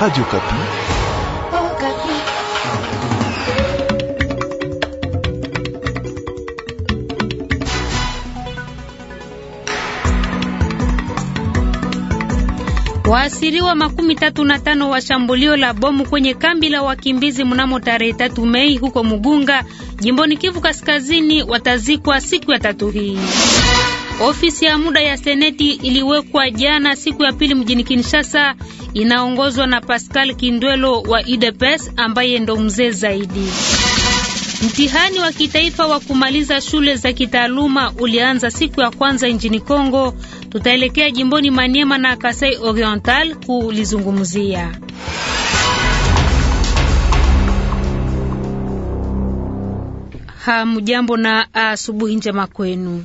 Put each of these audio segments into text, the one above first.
Radio Kapi. Oh, Kapi. Waasiriwa makumi tatu na tano wa shambulio la bomu kwenye kambi la wakimbizi mnamo tarehe tatu Mei huko Mugunga, jimboni Kivu Kaskazini watazikwa siku ya tatu hii. Ofisi ya muda ya seneti iliwekwa jana siku ya pili mjini Kinshasa, inaongozwa na Pascal Kindwelo wa UDPS e e ambaye ndo mzee zaidi. Mtihani wa kitaifa wa kumaliza shule za kitaaluma ulianza siku ya kwanza nchini Kongo. Tutaelekea jimboni Maniema na Kasai Oriental kulizungumzia. Hamjambo na asubuhi njema kwenu.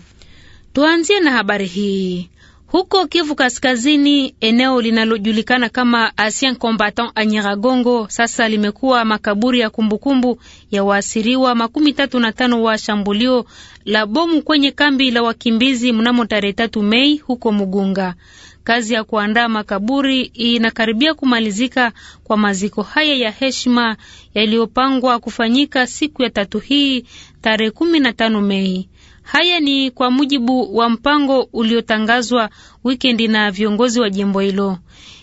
Tuanzie na habari hii huko Kivu Kaskazini, eneo linalojulikana kama Ancien Combattant Anyiragongo sasa limekuwa makaburi ya kumbukumbu ya waasiriwa makumi tatu na tano wa shambulio la bomu kwenye kambi la wakimbizi mnamo tarehe tatu Mei huko Mugunga. Kazi ya kuandaa makaburi inakaribia kumalizika kwa maziko haya ya heshima yaliyopangwa kufanyika siku ya tatu hii tarehe kumi na tano Mei. Haya ni kwa mujibu wa mpango uliotangazwa wikendi na viongozi wa jimbo hilo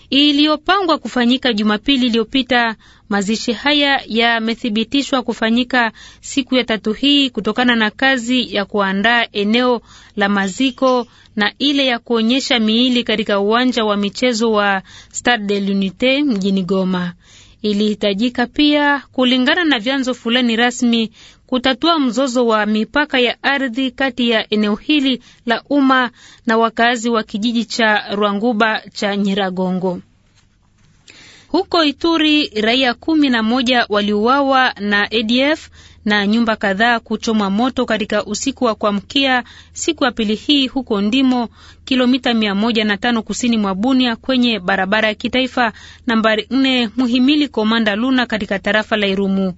iliyopangwa kufanyika Jumapili iliyopita. Mazishi haya yamethibitishwa kufanyika siku ya tatu hii kutokana na kazi ya kuandaa eneo la maziko na ile ya kuonyesha miili katika uwanja wa michezo wa Stade de l'Unite mjini Goma. Ilihitajika pia kulingana na vyanzo fulani rasmi kutatua mzozo wa mipaka ya ardhi kati ya eneo hili la umma na wakazi wa kijiji cha Rwanguba cha Nyiragongo. Huko Ituri, raia kumi na moja waliuawa na ADF na nyumba kadhaa kuchomwa moto katika usiku wa kuamkia siku ya pili hii huko Ndimo, kilomita mia moja na tano kusini mwa Bunia, kwenye barabara ya kitaifa nambari nne Muhimili Komanda Luna katika tarafa la Irumu.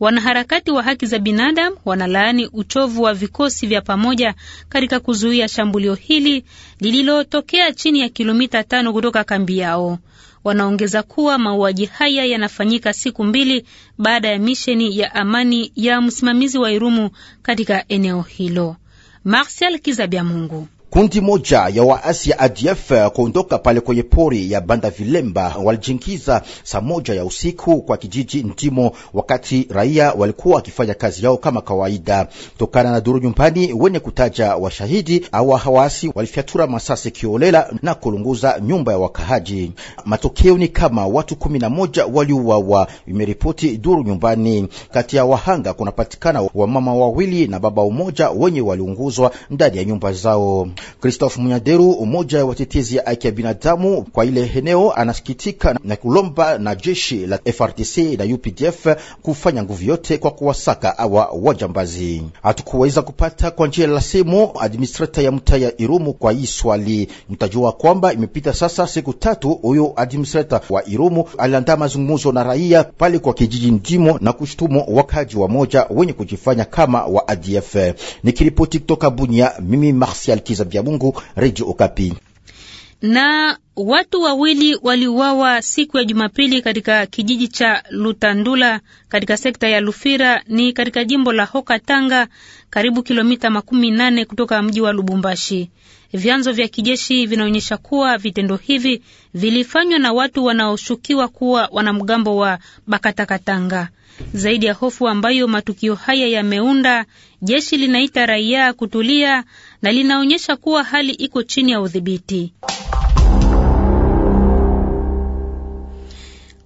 Wanaharakati wa haki za binadamu wanalaani uchovu wa vikosi vya pamoja katika kuzuia shambulio hili lililotokea chini ya kilomita tano kutoka kambi yao. Wanaongeza kuwa mauaji haya yanafanyika siku mbili baada ya misheni ya amani ya msimamizi wa Irumu katika eneo hilo. Martial Kizabiamungu. Kundi moja ya waasi ya ADF kuondoka pale kwenye pori ya Banda Vilemba walijingiza saa moja ya usiku kwa kijiji Ndimo, wakati raia walikuwa wakifanya kazi yao kama kawaida. Tokana na duru nyumbani wenye kutaja washahidi awa hawasi walifyatura masasi kiolela na kulunguza nyumba ya wakahaji. Matokeo ni kama watu kumi na moja waliuawa, imeripoti duru nyumbani. Kati ya wahanga kunapatikana wamama wawili na baba umoja wenye waliunguzwa ndani ya nyumba zao. Christophe Munyaderu, umoja wa tetezi ya haki ya binadamu kwa ile eneo, anasikitika na kulomba na jeshi la FRDC na UPDF kufanya nguvu yote kwa kuwasaka awa wajambazi. Hatukuweza kupata kwa njia la simu administrator ya mtaa ya Irumu kwa hii swali. Mtajua kwamba imepita sasa siku tatu, huyo administrator wa Irumu aliandaa mazungumzo na raia pale kwa kijiji Ndimo na kushtumu wakaji wa moja wenye kujifanya kama wa ADF. Nikiripoti kutoka Bunia, mimi Martial Kiza vya Mungu, Radio Okapi. Na watu wawili waliuawa siku ya Jumapili katika kijiji cha Lutandula katika sekta ya Lufira ni katika jimbo la Hoka Tanga, karibu kilomita makumi nane kutoka mji wa Lubumbashi. Vyanzo vya kijeshi vinaonyesha kuwa vitendo hivi vilifanywa na watu wanaoshukiwa kuwa wanamgambo wa Bakatakatanga. Zaidi ya hofu ambayo matukio haya yameunda, jeshi linaita raia kutulia na linaonyesha kuwa hali iko chini ya udhibiti.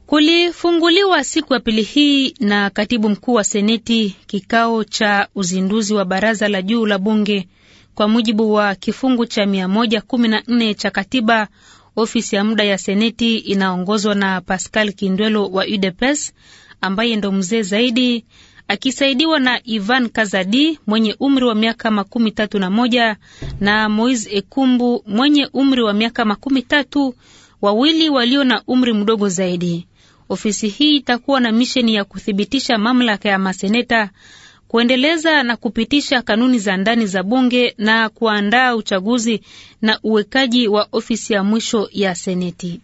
Kulifunguliwa siku ya pili hii na katibu mkuu wa seneti kikao cha uzinduzi wa baraza la juu la bunge. Kwa mujibu wa kifungu cha 114 cha katiba, ofisi ya muda ya seneti inaongozwa na Pascal Kindwelo wa UDPS ambaye ndo mzee zaidi akisaidiwa na Ivan Kazadi mwenye umri wa miaka makumi tatu na moja na mois Ekumbu mwenye umri wa miaka makumi tatu, wawili walio na umri mdogo zaidi. Ofisi hii itakuwa na misheni ya kuthibitisha mamlaka ya maseneta, kuendeleza na kupitisha kanuni za ndani za bunge na kuandaa uchaguzi na uwekaji wa ofisi ya mwisho ya seneti.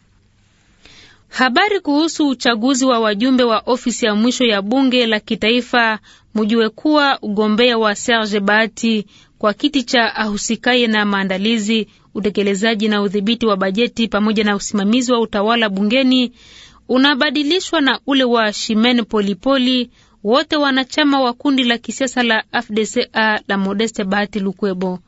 Habari kuhusu uchaguzi wa wajumbe wa ofisi ya mwisho ya bunge la kitaifa, mjue kuwa ugombea wa Serge Bahati kwa kiti cha ahusikaye na maandalizi, utekelezaji na udhibiti wa bajeti pamoja na usimamizi wa utawala bungeni unabadilishwa na ule wa Shimen Polipoli, wote wanachama wa kundi la kisiasa la FDCA la Modeste Bahati Lukwebo.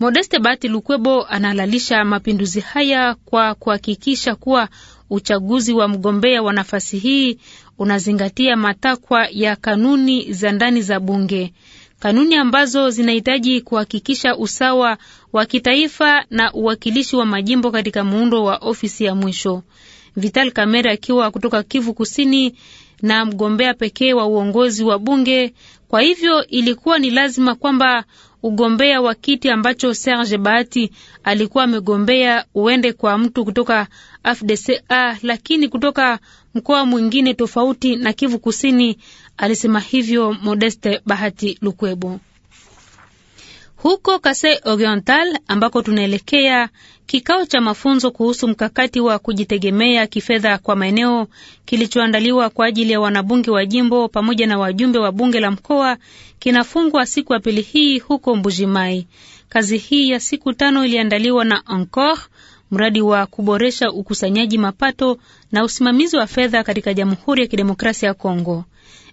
Modeste Bahati Lukwebo analalisha mapinduzi haya kwa kuhakikisha kuwa uchaguzi wa mgombea wa nafasi hii unazingatia matakwa ya kanuni za ndani za bunge, kanuni ambazo zinahitaji kuhakikisha usawa wa kitaifa na uwakilishi wa majimbo katika muundo wa ofisi ya mwisho. Vital camera akiwa kutoka Kivu Kusini na mgombea pekee wa uongozi wa bunge. Kwa hivyo ilikuwa ni lazima kwamba ugombea wa kiti ambacho Serge Bahati alikuwa amegombea uende kwa mtu kutoka FDCA, lakini kutoka mkoa mwingine tofauti na Kivu Kusini, alisema hivyo Modeste Bahati Lukwebo. Huko Kasai Oriental ambako tunaelekea, kikao cha mafunzo kuhusu mkakati wa kujitegemea kifedha kwa maeneo kilichoandaliwa kwa ajili ya wanabunge wa jimbo pamoja na wajumbe wa bunge la mkoa kinafungwa siku ya pili hii huko Mbujimai. Kazi hii ya siku tano iliandaliwa na Encore, mradi wa kuboresha ukusanyaji mapato na usimamizi wa fedha katika Jamhuri ya Kidemokrasia ya Kongo.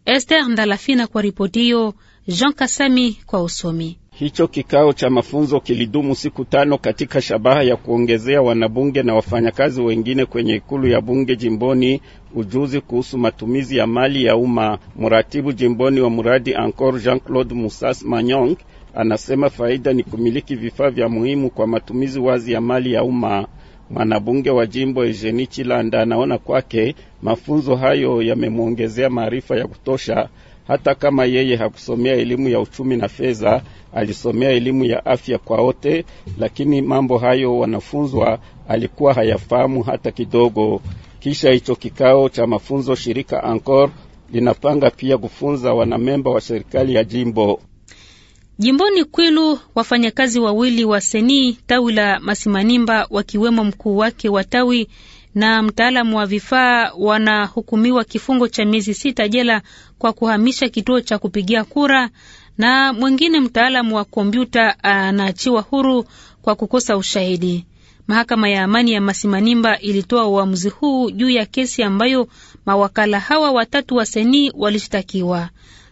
Esther Ndalafina kwa ripoti hiyo, Jean Kasami kwa usomi. Hicho kikao cha mafunzo kilidumu siku tano katika shabaha ya kuongezea wanabunge na wafanyakazi wengine kwenye ikulu ya bunge jimboni ujuzi kuhusu matumizi ya mali ya umma. Mratibu jimboni wa mradi Ankor Jean-Claude Musas Manyong anasema faida ni kumiliki vifaa vya muhimu kwa matumizi wazi ya mali ya umma. Mwanabunge wa jimbo ejenichilanda Chilanda anaona kwake mafunzo hayo yamemwongezea maarifa ya kutosha hata kama yeye hakusomea elimu ya uchumi na fedha, alisomea elimu ya afya kwa wote, lakini mambo hayo wanafunzwa alikuwa hayafahamu hata kidogo. Kisha hicho kikao cha mafunzo, shirika Ankor linapanga pia kufunza wanamemba wa serikali ya jimbo. Jimboni Kwilu, wafanyakazi wawili wa Seni tawi la Masimanimba, wakiwemo mkuu wake wa tawi na mtaalamu wa vifaa wanahukumiwa kifungo cha miezi sita jela kwa kuhamisha kituo cha kupigia kura, na mwingine mtaalamu wa kompyuta anaachiwa huru kwa kukosa ushahidi. Mahakama ya amani ya Masimanimba ilitoa uamuzi huu juu ya kesi ambayo mawakala hawa watatu wa seni walishtakiwa.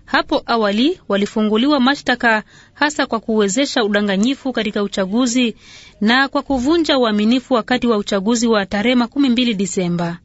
Hapo awali walifunguliwa mashtaka hasa kwa kuwezesha udanganyifu katika uchaguzi na kwa kuvunja uaminifu wakati wa uchaguzi wa tarehe makumi mbili Disemba.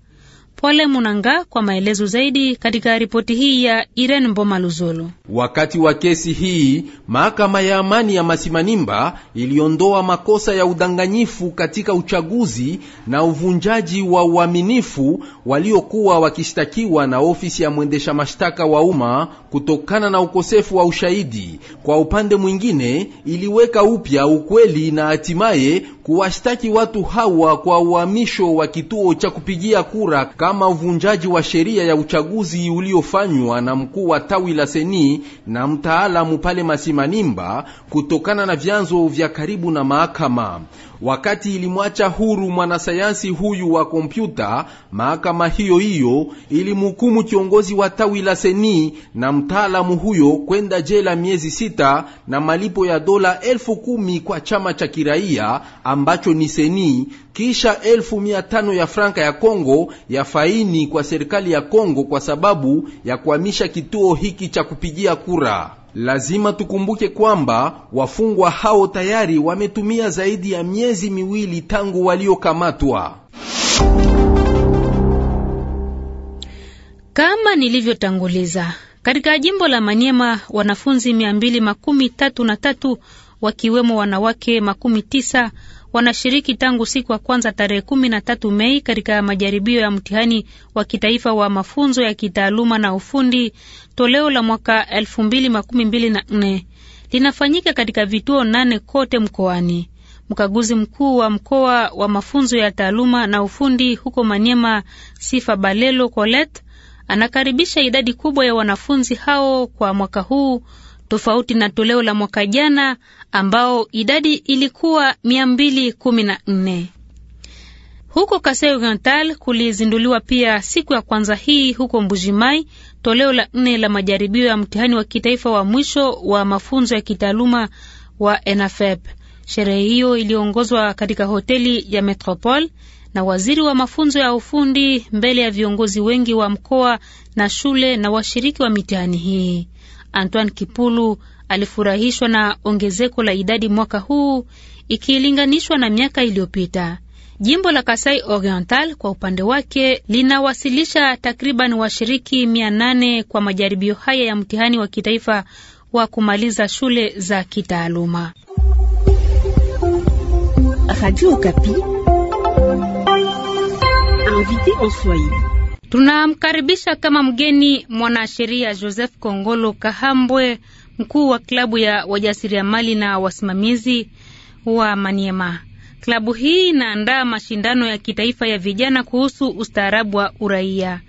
Pole Munanga kwa maelezo zaidi katika ripoti hii ya Irene Mboma Luzolo. Wakati wa kesi hii, mahakama ya amani ya Masimanimba iliondoa makosa ya udanganyifu katika uchaguzi na uvunjaji wa uaminifu waliokuwa wakishtakiwa na ofisi ya mwendesha mashtaka wa umma kutokana na ukosefu wa ushahidi. Kwa upande mwingine, iliweka upya ukweli na hatimaye kuwashtaki watu hawa kwa uhamisho wa kituo cha kupigia kura kama uvunjaji wa sheria ya uchaguzi uliofanywa na mkuu wa tawi la Seni na mtaalamu pale Masimanimba, kutokana na vyanzo vya karibu na mahakama. Wakati ilimwacha huru mwanasayansi huyu wa kompyuta, mahakama hiyo hiyo ilimhukumu kiongozi wa tawi la seni na mtaalamu huyo kwenda jela miezi sita na malipo ya dola elfu kumi kwa chama cha kiraia ambacho ni seni, kisha elfu mia tano ya franka ya Kongo ya faini kwa serikali ya Kongo kwa sababu ya kuhamisha kituo hiki cha kupigia kura. Lazima tukumbuke kwamba wafungwa hao tayari wametumia zaidi ya miezi miwili tangu waliokamatwa. Kama nilivyotanguliza, katika jimbo la Maniema wanafunzi mia mbili makumi tatu na tatu wakiwemo wanawake makumi tisa wanashiriki tangu siku ya kwanza tarehe kumi na tatu Mei katika majaribio ya mtihani wa kitaifa wa mafunzo ya kitaaluma na ufundi toleo la mwaka elfu mbili makumi mbili na nne linafanyika katika vituo nane kote mkoani. Mkaguzi mkuu wa mkoa wa mafunzo ya taaluma na ufundi huko Manyema, Sifa Balelo Colet, anakaribisha idadi kubwa ya wanafunzi hao kwa mwaka huu tofauti na toleo la mwaka jana ambao idadi ilikuwa 214. Huko Kasai Oriental kulizinduliwa pia siku ya kwanza hii huko Mbujimai toleo la nne la majaribio ya mtihani wa kitaifa wa mwisho wa mafunzo ya kitaaluma wa ENAFEP. Sherehe hiyo iliongozwa katika hoteli ya Metropole na waziri wa mafunzo ya ufundi mbele ya viongozi wengi wa mkoa na shule na washiriki wa mitihani hii. Antoine Kipulu alifurahishwa na ongezeko la idadi mwaka huu ikilinganishwa na miaka iliyopita. Jimbo la Kasai Oriental kwa upande wake linawasilisha takriban washiriki mia nane kwa majaribio haya ya mtihani wa kitaifa wa kumaliza shule za kitaaluma. Radio Okapi invité en Swahili Tunamkaribisha kama mgeni mwanasheria Joseph Kongolo Kahambwe, mkuu wa klabu ya wajasiriamali na wasimamizi wa Maniema. Klabu hii inaandaa mashindano ya kitaifa ya vijana kuhusu ustaarabu wa uraia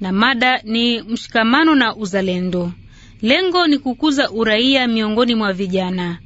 na mada ni mshikamano na uzalendo. Lengo ni kukuza uraia miongoni mwa vijana.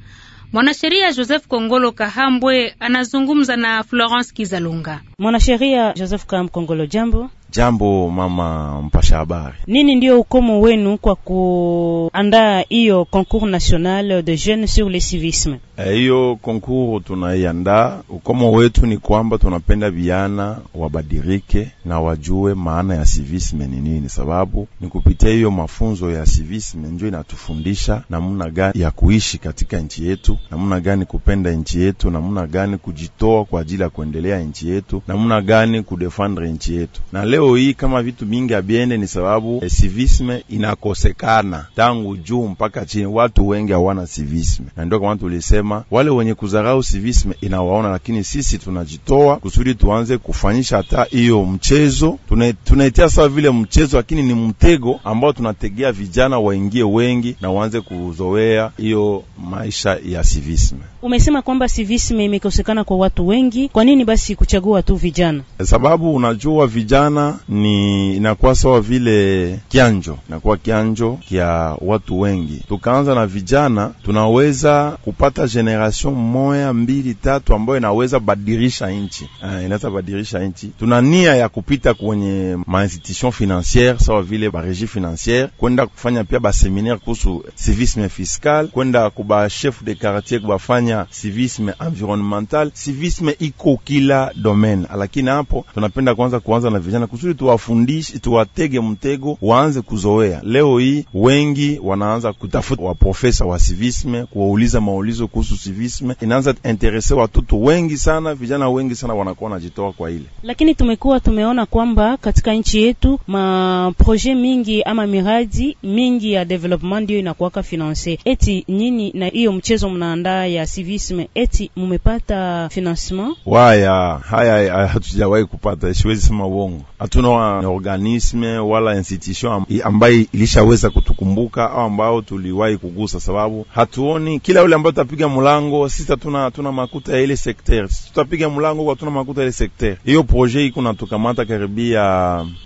Mwanasheria Joseph Kongolo Kahambwe anazungumza na Florence Kizalunga. Mwanasheria Joseph Kamkongolo, jambo. Jambo mama mpasha habari. Nini ndio ukomo wenu kwa kuandaa hiyo concours national de jeunes sur le civisme? Eh, hiyo concours tunaiandaa, ukomo wetu ni kwamba tunapenda vijana wabadirike na wajue maana ya civisme ni nini, sababu ni kupitia hiyo mafunzo ya civisme ndio inatufundisha namna gani ya kuishi katika nchi yetu, namna gani kupenda nchi yetu, namna gani kujitoa kwa ajili ya kuendelea nchi yetu namuna gani kudefendre nchi yetu. Na leo hii kama vitu mingi abiende ni sababu eh, civisme inakosekana tangu juu mpaka chini, watu wengi hawana civisme, na ndio kama tulisema wale wenye kuzarau civisme inawaona, lakini sisi tunajitoa kusudi tuanze kufanyisha hata hiyo mchezo tunaitia sawa vile mchezo, lakini ni mtego ambao tunategea vijana waingie wengi na waanze kuzoea hiyo maisha ya civisme. Umesema kwamba civisme imekosekana kwa watu wengi, kwa nini basi kuchagua tu vijana? Sababu unajua vijana ni inakuwa sawa vile kianjo, inakuwa kianjo kya watu wengi. Tukaanza na vijana, tunaweza kupata generation moya mbili tatu ambayo inaweza badirisha nchi, eh, inaweza badirisha nchi. Tuna nia ya kupita kwenye mainstitution financiere sawa vile baregi financiere, kwenda kufanya pia baseminaire kuhusu civisme fiscal, kwenda kuba chef de quartier kubafanya civisme environnemental. Civisme iko kila domaine lakini hapo tunapenda kwanza kuanza na vijana kusudi tuwafundishe, tuwatege mtego, waanze kuzoea. Leo hii wengi wanaanza kutafuta waprofesa wa civisme, kuwauliza maulizo kuhusu civisme, inaanza interese watoto wengi sana, vijana wengi sana wanakuwa wanajitoa kwa ile. Lakini tumekuwa tumeona kwamba katika nchi yetu maproje mingi ama miradi mingi ya development ndio inakuwaka finance. Eti nyinyi na hiyo mchezo mnaandaa ya civisme, eti mumepata financement waya haya hatujawahi kupata, siwezi sema uongo. Hatuna organisme wala institution ambayo ilishaweza kutukumbuka au ambao tuliwahi kugusa, sababu hatuoni kila yule ambayo tutapiga mlango sisi, hatuna hatuna makuta ya ile sekter, sisi tutapiga mlango kwa hatuna makuta ya ile sekter. Hiyo projet iko na natukamata karibia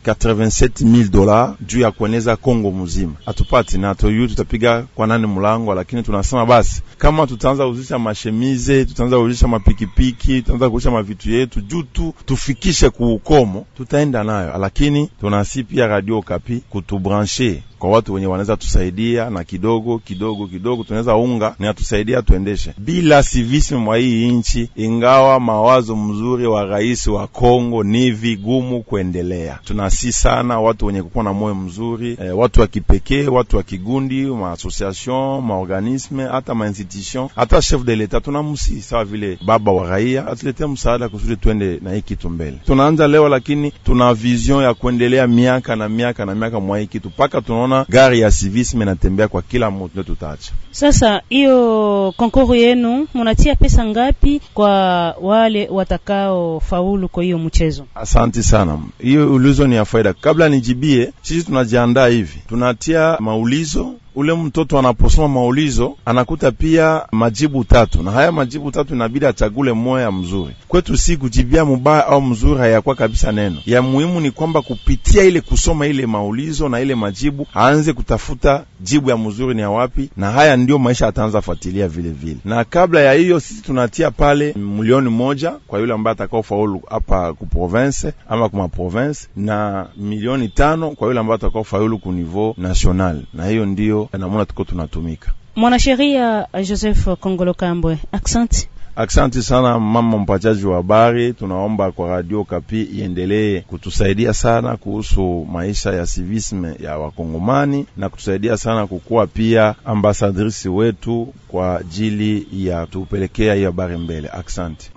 87000 dola juu ya kueneza Kongo mzima, hatupati na toyu, tutapiga kwa nani mlango? Lakini tunasema basi, kama tutaanza kuuzisha mashemize, tutaanza kuuzisha mapikipiki, tutaanza kuuzisha mavitu yetu juu yetu tufikishe kuukomo, tutaenda nayo, lakini tunasi pia Radio Kapi kutubranche kwa watu wenye wanaweza tusaidia na kidogo kidogo kidogo tunaweza unga na tusaidia tuendeshe bila civisme mwa hii nchi. Ingawa mawazo mzuri wa rais wa Kongo, ni vigumu kuendelea. Tunasi sana watu wenye kukuwa na moyo mzuri e, watu wa kipekee, watu wa kigundi, maasociation, maorganisme, hata mainstitution, hata chef de l'etat tunamsi sawa vile baba wa raia atuletee msaada kusudi tuende na hii kitu mbele. Tunaanza leo, lakini tuna vision ya kuendelea miaka na miaka na miaka mwa hii kitu mpaka tunaona tunaona gari ya civisme inatembea kwa kila mtu, ndio tutaacha sasa. Hiyo konkoro yenu munatia pesa ngapi kwa wale watakao faulu kwa hiyo mchezo? Asante sana, hiyo ulizo ni ya faida. Kabla nijibie, sisi tunajiandaa hivi, tunatia maulizo ule mtoto anaposoma maulizo anakuta pia majibu tatu, na haya majibu tatu inabidi achagule ya mzuri. Kwetu si kujibia mubaya au mzuri, hayakuwa kabisa neno ya muhimu. Ni kwamba kupitia ile kusoma ile maulizo na ile majibu aanze kutafuta jibu ya mzuri ni ya wapi, na haya ndiyo maisha ataanza fuatilia vile vile. Na kabla ya hiyo, sisi tunatia pale milioni moja kwa yule ambaye atakao faulu hapa ku province ama kuma province, na milioni tano kwa yule ambaye atakao faulu ku niveau national, na hiyo ndiyo namona eh, tuko tunatumika. Mwanasheria eh, Joseph Kongolo Kambwe, aksanti. Aksanti sana mama mpachaji wa habari, tunaomba kwa Radio Kapi iendelee kutusaidia sana kuhusu maisha ya civisme ya Wakongomani na kutusaidia sana kukuwa pia ambasadrisi wetu kwa ajili ya tupelekea hiyo habari mbele. Aksanti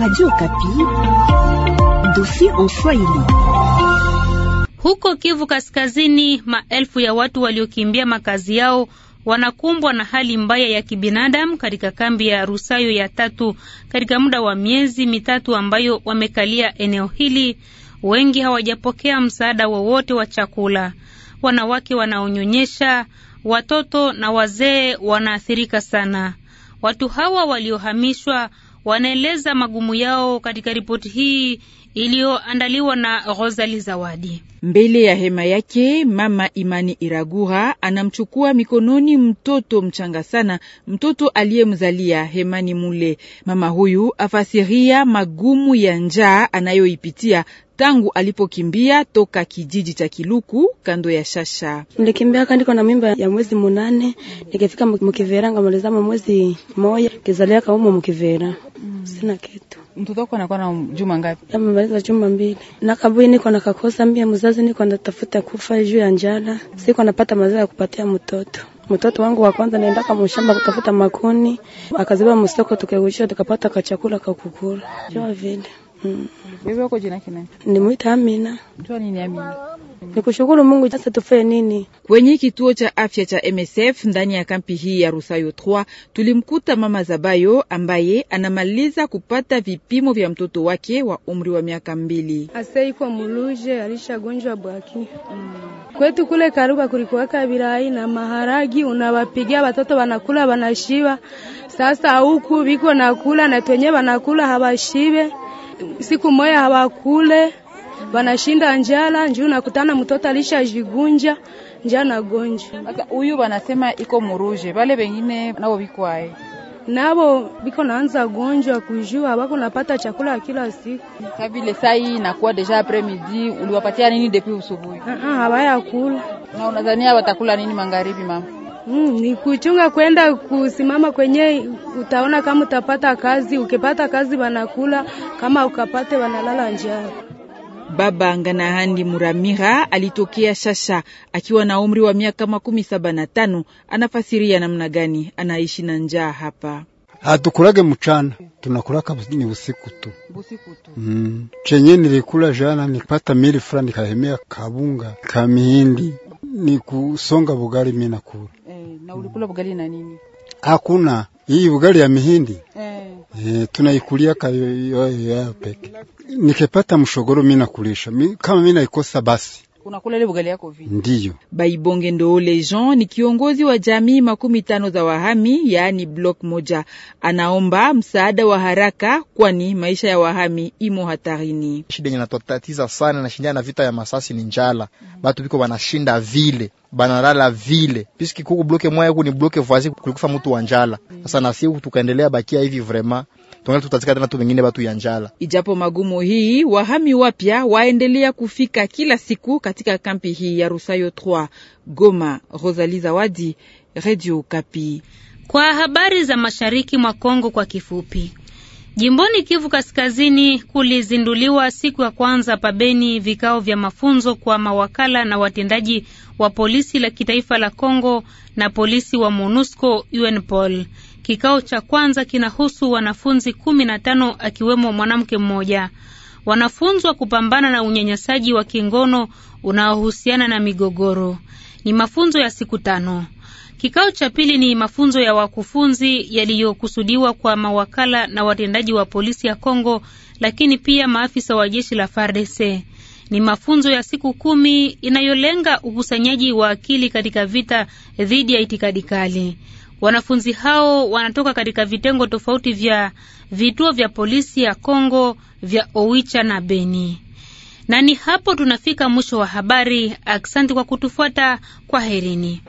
Radio Kapi, dossier en Swahili. Huko Kivu Kaskazini, maelfu ya watu waliokimbia makazi yao wanakumbwa na hali mbaya ya kibinadamu katika kambi ya Rusayo ya tatu katika muda wa miezi mitatu ambayo wamekalia eneo hili. Wengi hawajapokea msaada wowote wa chakula. Wanawake wanaonyonyesha, watoto na wazee wanaathirika sana. Watu hawa waliohamishwa wanaeleza magumu yao katika ripoti hii iliyoandaliwa na Rosali Zawadi. Mbele ya hema yake mama Imani Iragura anamchukua mikononi mtoto mchanga sana, mtoto aliyemzalia hemani mule. Mama huyu afasiria magumu ya njaa anayoipitia tangu alipokimbia toka kijiji cha Kiluku kando ya Shasha. Nilikimbia kandiko na mimba ya mwezi munane, nikifika mkiveranga malizama mwezi moja kizalia kaumo mkivera mm. sina kitu Mtoto wako anakuwa na juma ngapi? Amemaliza juma mbili. Na kabui niko na kakosa mbia mzazi, niko natafuta kufa juu ya njala, siko napata mazao ya kupatia mtoto. Mtoto wangu wa kwanza naenda kwa mshamba kutafuta makuni, akaziba msoko, tukagushia tukapata kachakula kakukula. Jua vile Mm. wako jina kina? Nimuita Amina. Mtu nini Amina? Nikushukuru Mungu sasa tufanye nini? Kwenye kituo cha afya cha MSF ndani ya kampi hii ya Rusayo 3 tulimkuta mama Zabayo ambaye anamaliza kupata vipimo vya mtoto wake wa umri wa miaka mbili. Aseiko muluje alishagonjwa bwaki. Mm. Kwetu kule Karuba kulikuwa birai na maharagi unawapigia watoto wanakula wanashiba. Sasa huku biko nakula na twenye wanakula hawashibe siku moya hawakule, wanashinda njala njuu, nakutana mtoto alisha jigunja njaa na gonja. Huyu wanasema iko muruje, wale wengine nao vikwae nabo biko naanza gonjwa kujua wako napata chakula kila siku. Sasa vile saa hii inakuwa deja après midi, uliwapatia nini depuis usubuhi? Uh hawaya kula. Na unadhania watakula nini magharibi mama? Mm, ni kuchunga kwenda kusimama kwenye utaona kama utapata kazi, ukipata kazi wanakula, kama ukapate wanalala njaa. Baba Nganahandi Muramira alitokea Shasha akiwa na umri wa miaka makumi saba na tano. Anafasiria namna gani anaishi na njaa hapa. Hatukulage mchana, tunakulaka ni usiku tu. Usiku tu. Mm. Chenye nilikula jana nipata mili fulani nikahemea kabunga kamihindi ni kusonga bugali mimi nakula ulikula bugali na nini? Hakuna hii bugali ya mihindi eh. E, tunaikulia kayo peke. Nikipata mshogoro mimi nakulisha mi, kama mimi naikosa basi unakula ile bugali yako vipi? Ndiyo. Baibonge Ndoole Jean ni kiongozi wa jamii makumi tano za wahami, yaani block moja. Anaomba msaada wa haraka, kwani maisha ya wahami imo hatarini. Shida inatotatiza sana na shindana na vita ya masasi ni njala, Mm batu biko wanashinda vile banalala vile piski kuku bloke moya huku ni bloke voisin kulikufa mtu wa njala. Mm. Sasa na sisi tukaendelea bakia hivi vraiment tunaona tutazika tena tu mengine batu ya njala. Ijapo magumu hii, wahami wapya waendelea kufika kila siku katika kampi hii ya Rusayo 3 Goma. Rosalie Zawadi, Radio Kapi. Kwa habari za mashariki mwa Kongo kwa kifupi. Jimboni Kivu Kaskazini kulizinduliwa siku ya kwanza pabeni vikao vya mafunzo kwa mawakala na watendaji wa polisi la kitaifa la congo na polisi wa MONUSCO UNPOL. Kikao cha kwanza kinahusu wanafunzi kumi na tano akiwemo mwanamke mmoja. Wanafunzwa kupambana na unyanyasaji wa kingono unaohusiana na migogoro. Ni mafunzo ya siku tano. Kikao cha pili ni mafunzo ya wakufunzi yaliyokusudiwa kwa mawakala na watendaji wa polisi ya Kongo, lakini pia maafisa wa jeshi la FARDC. Ni mafunzo ya siku kumi inayolenga ukusanyaji wa akili katika vita dhidi ya itikadi kali. Wanafunzi hao wanatoka katika vitengo tofauti vya vituo vya polisi ya Kongo vya Owicha na Beni. Na ni hapo tunafika mwisho wa habari. Asante kwa kutufuata. Kwaherini.